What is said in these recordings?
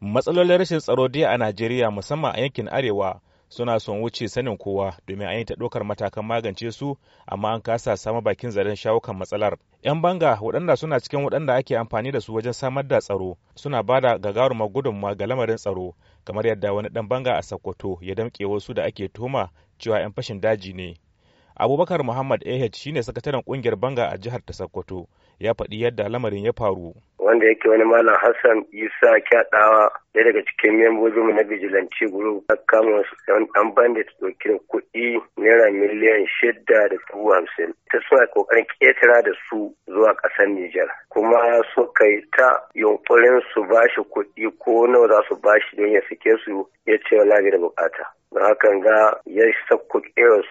matsalolin rashin tsaro dai a najeriya musamman a yankin arewa suna son wuce sanin kowa domin an yi ta ɗaukar matakan magance su amma an kasa samun bakin zaren shawo matsalar yan banga waɗanda suna cikin waɗanda ake amfani da su wajen samar da tsaro suna ba da gagarumar gudunmawa ga lamarin tsaro kamar yadda wani ɗan banga a sokoto ya damƙe wasu da ake tuhuma cewa yan fashin daji ne abubakar muhammad ah shine sakataren ƙungiyar banga a jihar ta sokoto ya faɗi yadda lamarin ya faru wanda yake wani malam Hassan Isa Kyaɗawa ɗaya daga cikin membobin mu na vigilance Group ta kama wasu ɗan bandit dokin kuɗi naira miliyan shida da dubu hamsin. Ta suna kokarin ƙetara da su zuwa ƙasar Nijar. Kuma su yi ta yunƙurin su bashi kuɗi ko nawa za su bashi don ya sake su ya ce wala da buƙata. da hakan ga ya sakko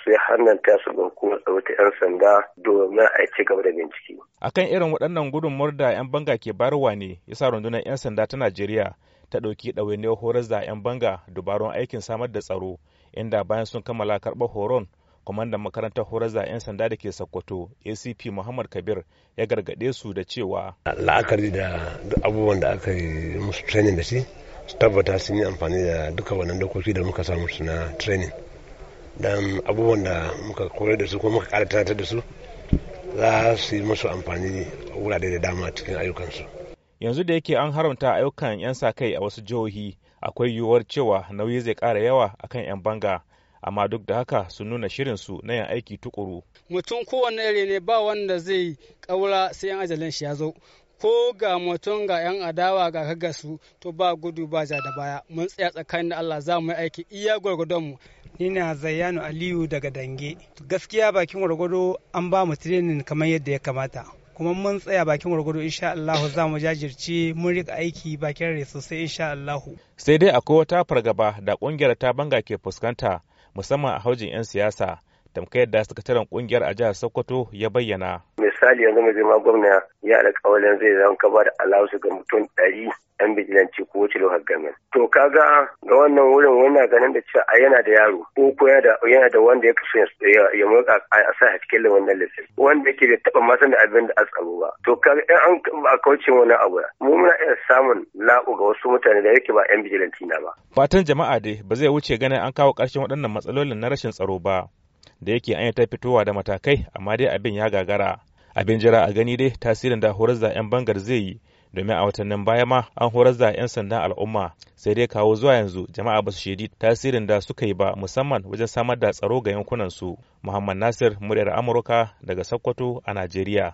su ya hannanta su ga hukumar tsaro ta 'yan sanda domin a ci gaba da bincike. Akan irin waɗannan gudun da 'yan banga ke barwa ne ya sa rundunar 'yan sanda ta Najeriya ta ɗauki ɗawainiyar horar da 'yan banga dubarun aikin samar da tsaro inda bayan sun kammala karɓar horon kwamandan makarantar horar da 'yan sanda da ke sokoto acp muhammad kabir ya gargaɗe su da cewa la'akari da abubuwan da aka yi musu training da shi tabbata sun yi amfani da duka wannan dokoki da muka samu su na training dan abubuwan da muka koyar da su ko muka kara da su za su yi musu amfani wurare da dama cikin ayyukansu yanzu da yake an haramta ayyukan 'yan sa kai a wasu jihohi akwai yiwuwar cewa nauyi zai kara yawa akan 'yan banga amma duk da haka su nuna shirinsu na yin aiki tukuru. Mutum kowane ne ba wanda zai ƙaura sai yan ajalin shi ya zo ko ga mutum ga 'yan adawa ga kaga su to ba gudu ba ja da baya mun tsaya tsakanin Allah za mu yi aiki iya gwargwadon mu ni na zayyano aliyu daga dange gaskiya bakin gwargwado an ba mu training kamar yadda ya kamata kuma mun tsaya bakin gwargwado insha Allah za mu jajirce mun rika aiki bakin rai sosai insha Allah sai dai akwai wata fargaba da kungiyar ta banga ke fuskanta musamman a haujin 'yan siyasa tamkayar yadda sakataren kungiyar a jihar Sokoto ya bayyana. Misali yanzu mai zama gwamna ya alƙawalin zai zan ka ba da alawusu ga mutum ɗari yan bijilanci ko wace lohar gamin. To kaga ga wannan wurin wannan ganin da cewa yana da yaro ko ko yana da wanda ya kashe ya murka a sa a cikin wannan lissafi wanda yake da taɓa masan da abin da a tsaro ba. To kaga in an ba kauce wani abu mu muna iya samun la'u ga wasu mutane da yake ba yan bijilanci na ba. Fatan jama'a dai ba zai wuce ganin an kawo ƙarshen waɗannan matsalolin na rashin tsaro ba. da yake an ta fitowa da matakai amma dai abin ya gagara abin jira a gani dai tasirin da horar da 'yan bangar zai yi domin a watannin baya ma an horar da 'yan sandan al'umma sai dai kawo zuwa yanzu jama'a ba su shaidi tasirin da suka yi ba musamman wajen samar da tsaro ga yankunan su muhammad nasir muryar amurka daga sokoto a najeriya